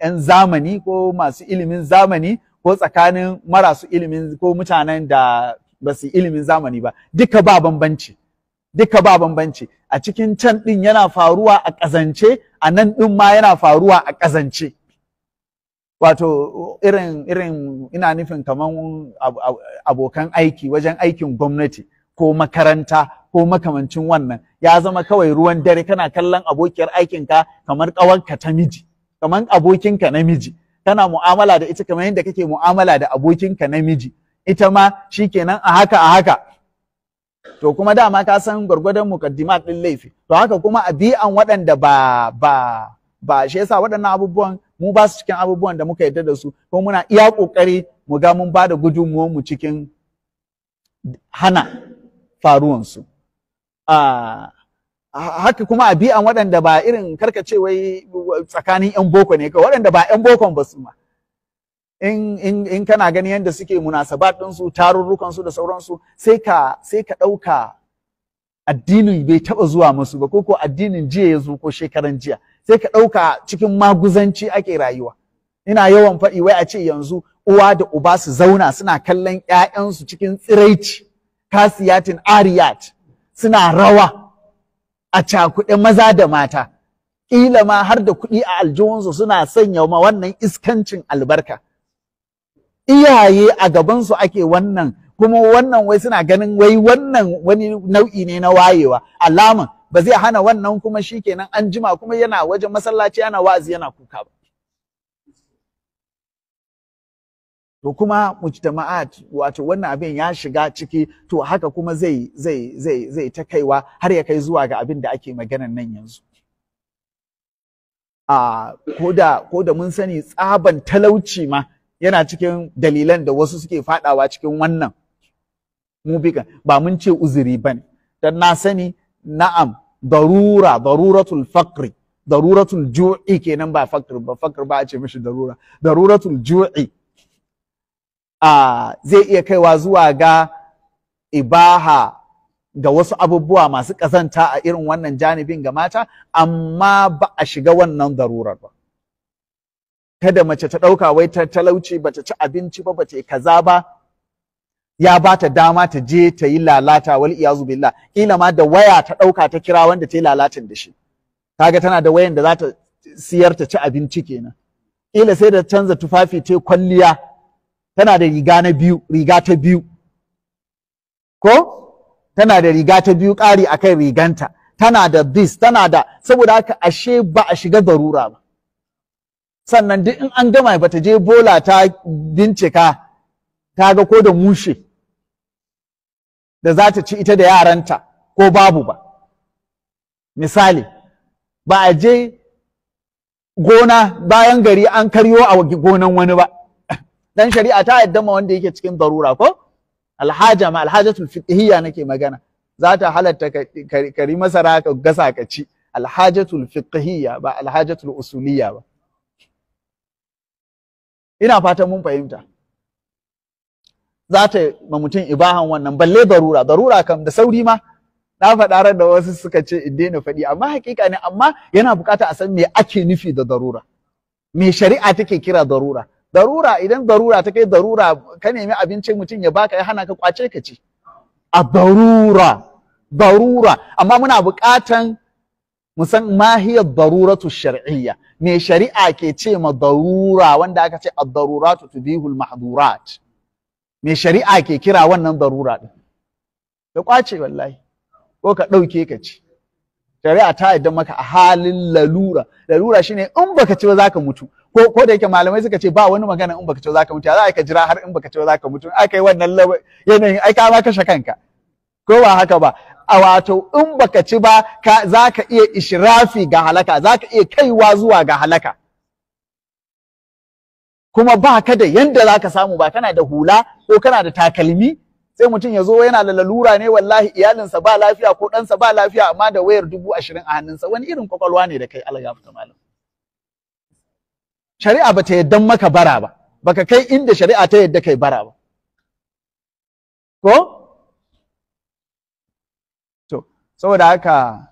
'yan zamani ko masu ilimin zamani ko tsakanin marasu ilimin ko mutanen da ba su ilimin zamani ba duka ba bambanci duka ba bambanci a cikin can ɗin yana faruwa a ƙazance a nan ɗin ma yana faruwa a ƙazance wato irin ina nufin kaman abokan aiki wajen aikin gwamnati ko makaranta ko makamancin wannan ya zama kawai ruwan dare kana kallon abokiyar aikinka kamar ƙawarka ta miji kaman abokinka namiji kana mu'amala da ita kamar yadda kake mu'amala da abokinka namiji ita ma shikenan a haka a haka to kuma dama ka san gwargwadon mukaddimat din laifi to haka kuma abi'an waɗanda ba ba ba shi yasa waɗannan abubuwan mu ba su cikin abubuwan da muka yarda da su ko muna iya ƙoƙari mu ga mun ba da gudunmuwar mu cikin hana faruwansu. Uh, haka kuma a bi'an waɗanda ba irin karkacewai tsakanin ƴan boko ne kawai waɗanda ba ƴan bokon ba su ma in, in, in kana gani yadda suke munasabat tarurrukan su da sauransu sai ka sai ka ɗauka addinin bai taba zuwa musu ba ko ko addinin jiya ya zo ko shekaran jiya sai ka ɗauka cikin maguzanci ake rayuwa ina yawan faɗi wai a ce yanzu uwa da uba su zauna suna kallon 'ya'yansu cikin tsiraici kasiyatin ariyat suna rawa a cakuɗe maza da mata ƙila ma har da kuɗi a aljihunsu suna sanya ma wannan iskancin albarka iyaye a gabansu ake wannan kuma wannan wai suna ganin wai wannan wani nau'i ne na wayewa alaman ba zai hana wannan kuma shikenan an jima kuma yana wajen masallaci ana wa'azi yana kuka ba to kuma mujtama'at wato wannan abin ya shiga ciki to haka kuma zai zai zai zai ta kaiwa har ya kai zuwa ga abin da ake magana nan yanzu a koda koda mun sani tsaban talauci ma yana cikin dalilan da wasu suke fadawa cikin wannan mu ba mun ce uzuri bane dan na sani na'am darura daruratul faqri daruratul ju'i kenan ba faqr ba faqr ba a ce mishi darura daruratul ju'i uh, zai iya kaiwa zuwa ga ibaha ga wasu abubuwa masu ƙazanta a irin wannan janibin ga mata amma ba a shiga wannan darurar ba kada mace ta ɗauka wai ta talauci ta ci abinci ba ba ta yi kaza ba ya ba ta dama ta je ta yi lalata wal iyazu billah kila ma da waya ta ɗauka ta kira wanda ta yi lalatin da shi kaga tana da wayan da za ta siyar ta ci abinci kenan kila sai da canza tufafi ta kwalliya tana da riga na biyu riga ta biyu ko tana da riga ta biyu ƙari kan riganta tana da this tana da saboda haka ashe ba a shiga darura ba sannan duk in an gama bata je bola ta bincika ta ga ko da mushe da za ta ci ita da yaranta ko babu ba misali ba a je gona bayan gari an karyo a gonan wani ba dan shari'a ta yadda ma wanda yake cikin darura ko alhaja ma alhajatul fiqhiyya nake magana za ta halatta kari masara ka gasa ka ci alhajatul fiqhiyya ba alhajatul usuliyya ba ina fata mun fahimta za ta ma mutum ibahan wannan balle darura darura kam da sauri ma na faɗa ran da wasu suka ce in daina faɗi amma hakika ne amma yana bukata a san me ake nufi da darura me shari'a take kira darura darura idan darura ta kai darura ka nemi abincin mutum ya baka ya hana ka kwace ka ci a darura darura amma muna buƙatan mu san mahiyar daruratu shar'iyya me shari'a ke ce ma darura wanda aka ce ad-daruratu tubihul mahdurat me shari'a ke kira wannan darura din ka kwace wallahi ko ka ɗauke ka ci shari'a ta yadda maka a halin lalura lalura shine in baka ci ba zaka mutu ko ko da yake malamai suka ce ba wani magana in baka ce zaka mutu za ka jira har in baka ce zaka mutu ai kai wannan yanayin ai ka ma kashe kanka ko ba haka ba a wato in baka ci ba ka zaka iya ishirafi ga halaka zaka iya kaiwa zuwa ga halaka kuma ba ka da yanda zaka samu ba kana da hula ko kana da takalmi sai mutum ya zo yana da lalura ne wallahi iyalinsa ba lafiya ko ɗansa ba lafiya amma da wayar dubu ashirin a hannunsa wani irin kwakwalwa ne da kai Allah ya malam shari'a ba ta yadda maka bara ba baka kai inda shari'a ta yadda kai bara ba ko to saboda haka